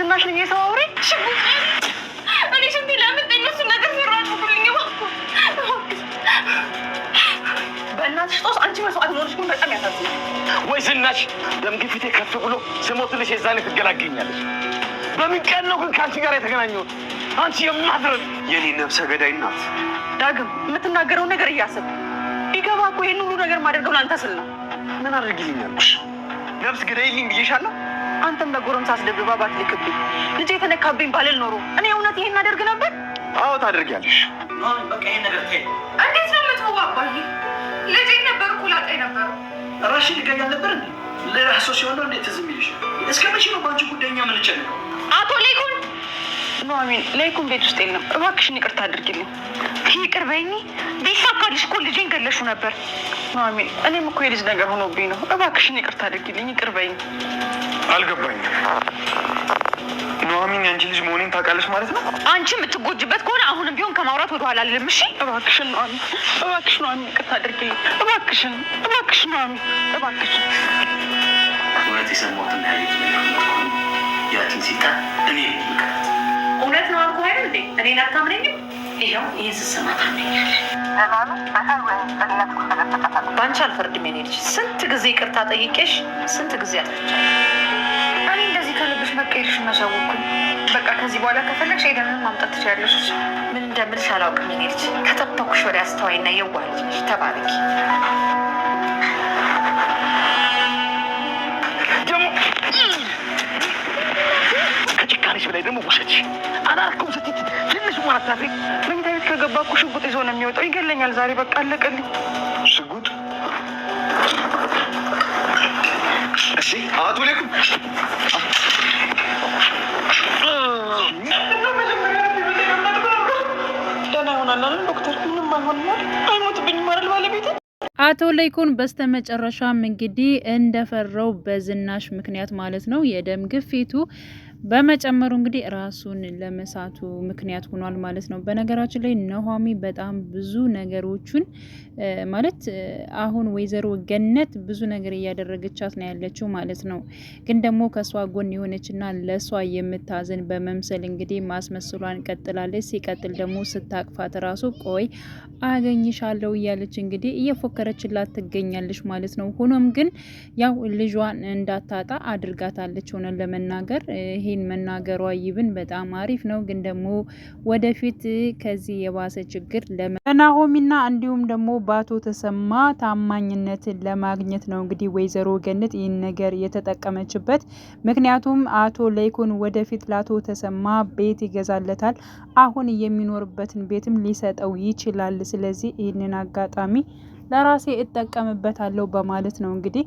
ዝናሽ ነኝ የሰው አውሬ እኔ ሽንቴ ለምን እነሱ ነገር ዘራችሁልኝ። በእናትሽ ጦስ አንቺ መስዋዕት መሆንሽ ግን በጣም ያሳዝናል። ወይ ዝናሽ ደም ግፊቴ ከፍ ብሎ ስሞትልሽ የዛኔ ትገላገኛለች። በምን ቀን ነው ግን ከአንቺ ጋር የተገናኘሁት? አንቺ የማትረብ የኔ ነፍሰ ገዳይ ናት። ዳግም የምትናገረው ነገር እያስብ ቢገባ እኮ ይህን ሁሉ ነገር ማደርገው ለአንተ ስል ነው። ምን አድርግልኛለሽ? ነፍስ ገዳይልኝ ብዬሻለሁ አንተም በጎረምሳ አስደብባ ባትልክብኝ ልጄ የተነካብኝ ባልል ኖሮ እኔ እውነት ይሄን አደርግ ነበር? አዎ ታደርጊያለሽ። በቃ ይሄን ነገር እንዴት ነው የምትወው? አባዬ ልጄ ነበር እኮ ላጤ ነበር። ራሽን ልገኛ ነበር ለራሶ ለራሱ ሲሆን ነው እንዴት ዝም ይልሽ? እስከ መቼ ነው በአንቺ ጉዳይ እኛ አቶ ሌጉን ኑሐሚን ላይኩም ቤት ውስጥ የለም። እባክሽን ይቅርታ አድርጊልኝ። ይቅር በይኝ። ቢሳካልሽ እኮ ልጄን ገለሹ ነበር። ኑሐሚን እኔም እኮ የልጅ ነገር ሆኖብኝ ነው። እባክሽን ይቅርታ አድርጊልኝ። ይቅር በይኝ። አልገባኝም። ኑሐሚን የአንቺ ልጅ መሆኔን ታውቃለች ማለት ነው? አንቺ የምትጎጅበት ከሆነ አሁንም ቢሆን ከማውራት ወደኋላ አልልም። እሺ እባክሽን ኑሐሚን፣ እባክሽን ኑሐሚን፣ ይቅርታ አድርጊልኝ። እባክሽን፣ እባክሽ ኑሐሚን፣ እባክሽን እውነት የሰማሁትን ያሌት ያችን ሲጣ እኔ እኔ ላታምነኝም። ይኸው ይህን ስሰማ ታምነኛለህ። በአንቺ አልፈርድም። የኔ ልጅ ስንት ጊዜ ይቅርታ ጠይቄሽ፣ ስንት ጊዜ አጥፍቻለሁ። እኔ እንደዚህ ከልብሽ መቀየርሽ መሰወኩኝ። በቃ ከዚህ በኋላ ከፈለግሽ ሄደንን ማምጣት ትችላለሽ። ምን እንደምልሽ አላውቅም። የኔ ልጅ ከተባኩሽ ወደ አስተዋይና የዋህ ልጅ ተባረኪ ነሽ ብላይ ደግሞ ውሸትሽ አላልኩም ስትት ትንሽ እንኳን አታፍሪ። መኝታ ቤት ከገባ እኮ ሽጉጥ ይዞ ነው የሚወጣው። ይገለኛል ዛሬ በቃ አለቀልኝ። ሽጉጥ እሺ፣ አቶ ሌኩም አቶ ለይኩን በስተመጨረሻም እንግዲህ እንደፈረው በዝናሽ ምክንያት ማለት ነው የደም ግፊቱ በመጨመሩ እንግዲህ ራሱን ለመሳቱ ምክንያት ሆኗል ማለት ነው። በነገራችን ላይ ነሆሚ በጣም ብዙ ነገሮቹን ማለት አሁን ወይዘሮ ገነት ብዙ ነገር እያደረገቻት ነው ያለችው ማለት ነው። ግን ደግሞ ከእሷ ጎን የሆነችና ለእሷ የምታዝን በመምሰል እንግዲህ ማስመስሏን ቀጥላለች። ሲቀጥል ደግሞ ስታቅፋት ራሱ ቆይ አገኝሻለሁ እያለች እንግዲህ እየፎከረችላት ትገኛለች ማለት ነው። ሆኖም ግን ያው ልጇን እንዳታጣ አድርጋታለች ሆነን ለመናገር ይሄ ይህን መናገሯ ይብን በጣም አሪፍ ነው። ግን ደግሞ ወደፊት ከዚህ የባሰ ችግር ለናሆሚና እንዲሁም ደግሞ በአቶ ተሰማ ታማኝነትን ለማግኘት ነው እንግዲህ ወይዘሮ ገነት ይህን ነገር የተጠቀመችበት። ምክንያቱም አቶ ለይኩን ወደፊት ለአቶ ተሰማ ቤት ይገዛለታል፣ አሁን የሚኖርበትን ቤትም ሊሰጠው ይችላል። ስለዚህ ይህንን አጋጣሚ ለራሴ እጠቀምበታለሁ በማለት ነው እንግዲህ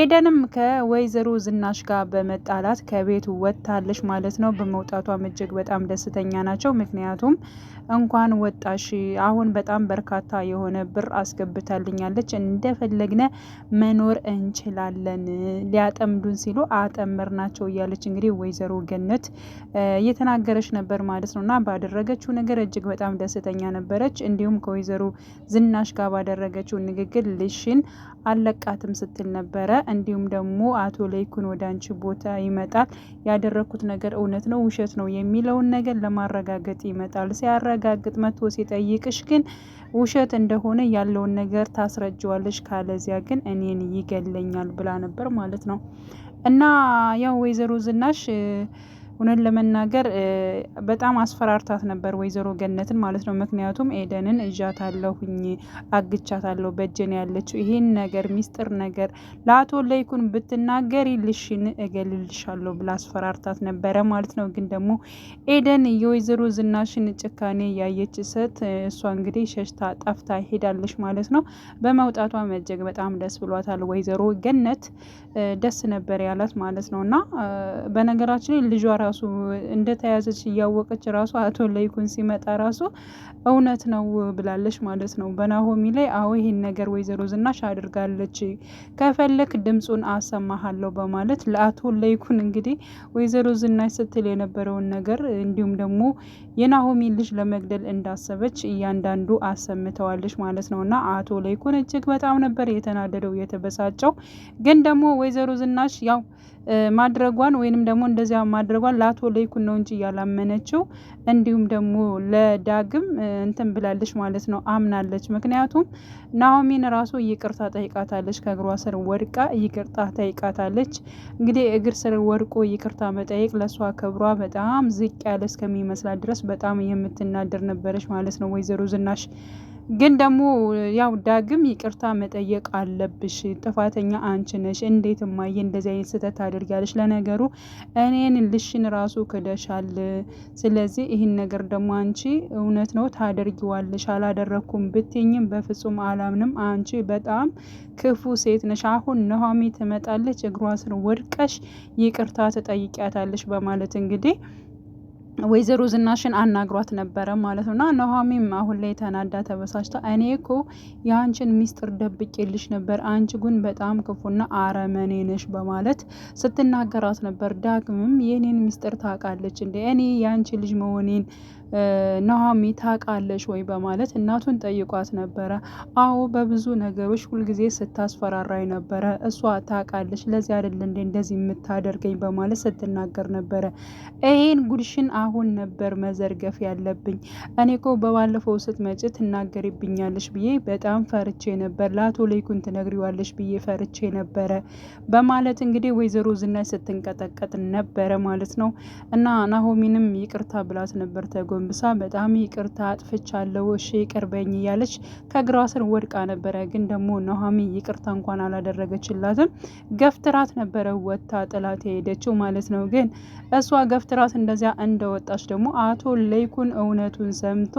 ኤደንም ከወይዘሮ ዝናሽ ጋር በመጣላት ከቤቱ ወጥታለች ማለት ነው። በመውጣቷም እጅግ በጣም ደስተኛ ናቸው። ምክንያቱም እንኳን ወጣሽ፣ አሁን በጣም በርካታ የሆነ ብር አስገብታልኛለች፣ እንደፈለግነ መኖር እንችላለን፣ ሊያጠምዱን ሲሉ አጠምር ናቸው እያለች እንግዲህ ወይዘሮ ገነት እየተናገረች ነበር ማለት ነው እና ባደረገችው ነገር እጅግ በጣም ደስተኛ ነበረች። እንዲሁም ከወይዘሮ ዝናሽ ጋር ያደረገችው ንግግር ልሽን አለቃትም ስትል ነበረ። እንዲሁም ደግሞ አቶ ለይኩን ወደ አንቺ ቦታ ይመጣል፣ ያደረግኩት ነገር እውነት ነው ውሸት ነው የሚለውን ነገር ለማረጋገጥ ይመጣል። ሲያረጋግጥ መጥቶ ሲጠይቅሽ ግን ውሸት እንደሆነ ያለውን ነገር ታስረጀዋለሽ፣ ካለዚያ ግን እኔን ይገለኛል ብላ ነበር ማለት ነው እና ያው ወይዘሮ ዝናሽ እውነት ለመናገር በጣም አስፈራርታት ነበር ወይዘሮ ገነትን ማለት ነው። ምክንያቱም ኤደንን እዣታለሁኝ አግቻታለሁ፣ በጀን ያለችው ይሄን ነገር ሚስጥር ነገር ለአቶ ለይኩን ብትናገሪ ልሽን እገልልሻለሁ ብላ አስፈራርታት ነበረ ማለት ነው። ግን ደግሞ ኤደን የወይዘሮ ዝናሽን ጭካኔ ያየች ሰት እሷ እንግዲህ ሸሽታ ጠፍታ ሄዳለች ማለት ነው። በመውጣቷ መጀግ በጣም ደስ ብሏታል። ወይዘሮ ገነት ደስ ነበር ያላት ማለት ነው። እና በነገራችን ልጇ ራሱ እንደተያዘች እያወቀች ራሱ አቶ ለይኩን ሲመጣ ራሱ እውነት ነው ብላለች ማለት ነው በናሆሚ ላይ። አዎ ይህን ነገር ወይዘሮ ዝናሽ አድርጋለች፣ ከፈለክ ድምፁን አሰማሃለሁ በማለት ለአቶ ለይኩን እንግዲህ ወይዘሮ ዝናሽ ስትል የነበረውን ነገር እንዲሁም ደግሞ የናሆሚ ልጅ ለመግደል እንዳሰበች እያንዳንዱ አሰምተዋለች ማለት ነው። እና አቶ ለይኩን እጅግ በጣም ነበር የተናደደው የተበሳጨው። ግን ደግሞ ወይዘሮ ዝናሽ ያው ማድረጓን ወይንም ደግሞ እንደዚያ ማድረጓን ለአቶ ለይኩን ነው እንጂ ያላመነችው እንዲሁም ደግሞ ለዳግም እንትን ብላለች ማለት ነው አምናለች። ምክንያቱም ናሆሚን ራሱ ይቅርታ ጠይቃታለች። ከእግሯ ስር ወድቃ ይቅርታ ጠይቃታለች። እንግዲህ እግር ስር ወድቆ ይቅርታ መጠየቅ ለእሷ ክብሯ በጣም ዝቅ ያለ እስከሚመስላት ድረስ በጣም የምትናደር ነበረች ማለት ነው ወይዘሮ ዝናሽ ግን ደግሞ ያው ዳግም ይቅርታ መጠየቅ አለብሽ። ጥፋተኛ አንቺ ነሽ። እንዴት እማዬ እንደዚህ አይነት ስህተት ታደርጊያለሽ? ለነገሩ እኔን ልሽን ራሱ ክደሻል። ስለዚህ ይህን ነገር ደግሞ አንቺ እውነት ነው ታደርጊዋለሽ። አላደረግኩም ብትኝም በፍጹም አላምንም። አንቺ በጣም ክፉ ሴት ነሽ። አሁን ነሀሚ ትመጣለች፣ እግሯ ስር ወድቀሽ ይቅርታ ትጠይቂያታለሽ በማለት እንግዲህ ወይዘሮ ዝናሽን አናግሯት ነበረ ማለት ነው። እና ኑሃሚንም አሁን ላይ ተናዳ ተበሳጭታ እኔ እኮ የአንችን ሚስጥር ደብቄልሽ ነበር፣ አንቺ ግን በጣም ክፉና አረመኔ ነሽ በማለት ስትናገራት ነበር። ዳግምም የኔን ሚስጥር ታውቃለች እንዴ? እኔ የአንቺ ልጅ መሆኔን ኑሀሚ ታውቃለች ወይ በማለት እናቱን ጠይቋት ነበረ። አዎ በብዙ ነገሮች ሁልጊዜ ስታስፈራራኝ ነበረ። እሷ ታውቃለች፣ ለዚህ አይደል እንዴ እንደዚህ የምታደርገኝ በማለት ስትናገር ነበረ። ይሄን ጉድሽን አሁን ነበር መዘርገፍ ያለብኝ። እኔ እኮ በባለፈው ስትመጪ ትናገሪብኛለች ብዬ በጣም ፈርቼ ነበር። ለአቶ ለይኩን ትነግሪዋለች ብዬ ፈርቼ ነበረ በማለት እንግዲህ ወይዘሮ ዝናሽ ስትንቀጠቀጥ ነበረ ማለት ነው። እና ናሆሚንም ይቅርታ ብላት ነበር ተጎ ጎንብሳ በጣም ይቅርታ አጥፍቻለሁ፣ እሺ ይቅርበኝ እያለች ከእግሯ ስር ወድቃ ነበረ። ግን ደግሞ ኑሃሚ ይቅርታ እንኳን አላደረገችላትም። ገፍትራት ነበረ ወታ ጥላት የሄደችው ማለት ነው። ግን እሷ ገፍትራት እንደዚያ እንደወጣች ደግሞ አቶ ለይኩን እውነቱን ሰምቶ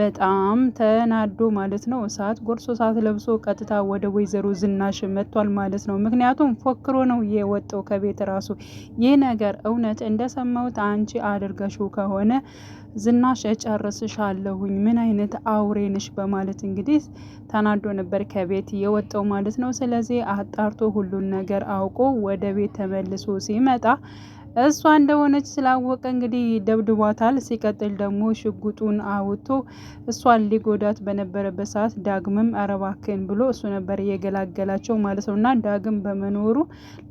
በጣም ተናዶ ማለት ነው እሳት ጎርሶ እሳት ለብሶ ቀጥታ ወደ ወይዘሮ ዝናሽ መጥቷል ማለት ነው። ምክንያቱም ፎክሮ ነው የወጣው ከቤት ራሱ ይህ ነገር እውነት እንደሰማሁት አንቺ አድርገሽው ከሆነ ዝናሽ እጨርስሻለሁኝ ምን አይነት አውሬ ነሽ በማለት እንግዲህ ተናዶ ነበር ከቤት የወጣው ማለት ነው። ስለዚህ አጣርቶ ሁሉን ነገር አውቆ ወደ ቤት ተመልሶ ሲመጣ እሷ እንደሆነች ስላወቀ እንግዲህ ደብድቧታል። ሲቀጥል ደግሞ ሽጉጡን አውጥቶ እሷን ሊጎዳት በነበረበት ሰዓት ዳግምም አረባክን ብሎ እሱ ነበር እየገላገላቸው ማለት ነው። እና ዳግም በመኖሩ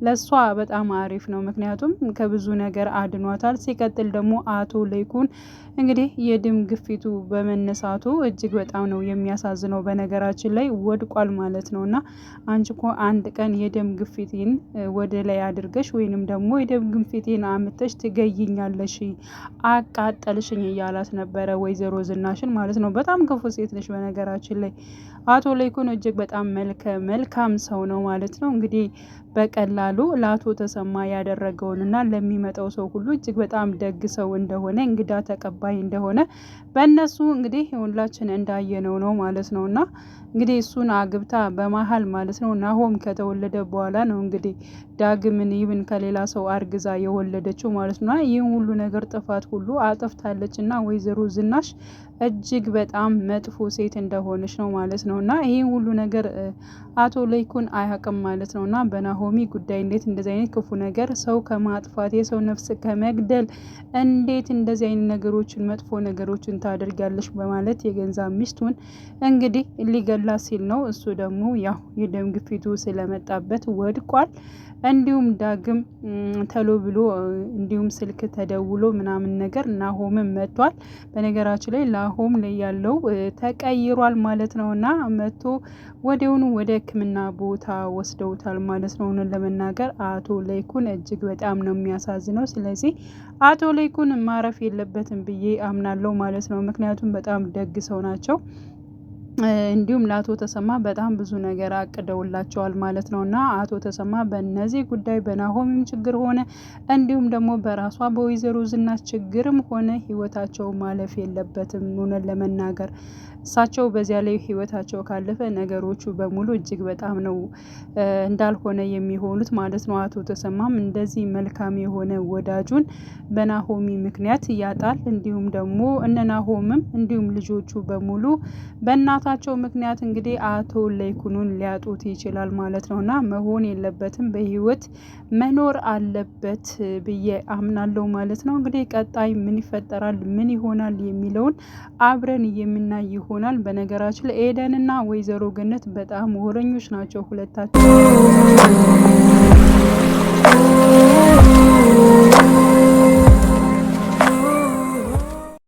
ለእሷ በጣም አሪፍ ነው፣ ምክንያቱም ከብዙ ነገር አድኗታል። ሲቀጥል ደግሞ አቶ ለይኩን እንግዲህ የደም ግፊቱ በመነሳቱ እጅግ በጣም ነው የሚያሳዝነው። በነገራችን ላይ ወድቋል ማለት ነው እና አንቺ እኮ አንድ ቀን የደም ግፊትን ወደ ላይ አድርገሽ ወይንም ደግሞ የደም ግፊት ሚስቴን አምተሽ ትገይኛለሽ፣ አቃጠልሽኝ እያላት ነበረ ወይዘሮ ዝናሽን ማለት ነው። በጣም ክፉ ሴት ነሽ። በነገራችን ላይ አቶ ለይኩን እጅግ በጣም መልከ መልካም ሰው ነው ማለት ነው። እንግዲህ በቀላሉ ለአቶ ተሰማ ያደረገውን እና ለሚመጣው ሰው ሁሉ እጅግ በጣም ደግ ሰው እንደሆነ እንግዳ ተቀባይ እንደሆነ በእነሱ እንግዲህ ሁላችን እንዳየነው ነው ማለት ነው። እና እንግዲህ እሱን አግብታ በመሀል ማለት ነው ናሆም ከተወለደ በኋላ ነው እንግዲህ ዳግምን ይብን ከሌላ ሰው አርግዛ የሆነ ወለደችው ማለት ነው። ይህን ሁሉ ነገር ጥፋት ሁሉ አጥፍታለች እና ወይዘሮ ዝናሽ እጅግ በጣም መጥፎ ሴት እንደሆነች ነው ማለት ነው። እና ይህን ሁሉ ነገር አቶ ለይኩን አያውቅም ማለት ነው። እና በናሆሚ ጉዳይ እንዴት እንደዚህ አይነት ክፉ ነገር ሰው ከማጥፋት የሰው ነፍስ ከመግደል እንዴት እንደዚህ አይነት ነገሮችን መጥፎ ነገሮችን ታደርጋለች በማለት የገንዛ ሚስቱን እንግዲህ ሊገላ ሲል ነው። እሱ ደግሞ ያው የደም ግፊቱ ስለመጣበት ወድቋል። እንዲሁም ዳግም ተሎ ብሎ እንዲሁም ስልክ ተደውሎ ምናምን ነገር ናሆምም መጥቷል። በነገራችን ላይ ላሆም ላይ ያለው ተቀይሯል ማለት ነው እና መጥቶ ወዲያውኑ ወደ ሕክምና ቦታ ወስደውታል ማለት ነው። ለመናገር አቶ ለይኩን እጅግ በጣም ነው የሚያሳዝነው። ስለዚህ አቶ ለይኩን ማረፍ የለበትም ብዬ አምናለው ማለት ነው። ምክንያቱም በጣም ደግ ሰው ናቸው። እንዲሁም ለአቶ ተሰማ በጣም ብዙ ነገር አቅደውላቸዋል ማለት ነው እና አቶ ተሰማ በነዚህ ጉዳይ በናሆሚም ችግር ሆነ እንዲሁም ደግሞ በራሷ በወይዘሮ ዝናት ችግርም ሆነ ህይወታቸው ማለፍ የለበትም። ሆነን ለመናገር እሳቸው በዚያ ላይ ህይወታቸው ካለፈ ነገሮቹ በሙሉ እጅግ በጣም ነው እንዳልሆነ የሚሆኑት ማለት ነው። አቶ ተሰማም እንደዚህ መልካም የሆነ ወዳጁን በናሆሚ ምክንያት ያጣል። እንዲሁም ደግሞ እነ ናሆምም እንዲሁም ልጆቹ በሙሉ በእና በቅናታቸው ምክንያት እንግዲህ አቶ ለይኩኑን ሊያጡት ይችላል ማለት እና መሆን የለበትም። በህይወት መኖር አለበት ብዬ አምናለሁ ማለት ነው። እንግዲህ ቀጣይ ምን ይፈጠራል፣ ምን ይሆናል የሚለውን አብረን የምናይ ይሆናል። በነገራችን ላይ እና ወይዘሮ ገነት በጣም ወረኞች ናቸው ሁለታቸው